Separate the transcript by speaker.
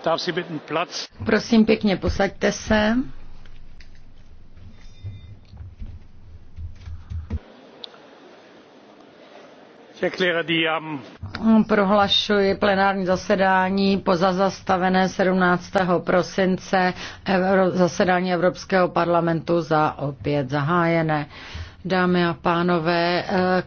Speaker 1: předseda.
Speaker 2: Prosím pěkně, posaďte se.
Speaker 3: Prohlašuji
Speaker 4: plenární zasedání po zastavené 17. prosince Euro, zasedání Evropského parlamentu za opět zahájené. Dámy a
Speaker 5: pánové, k eh,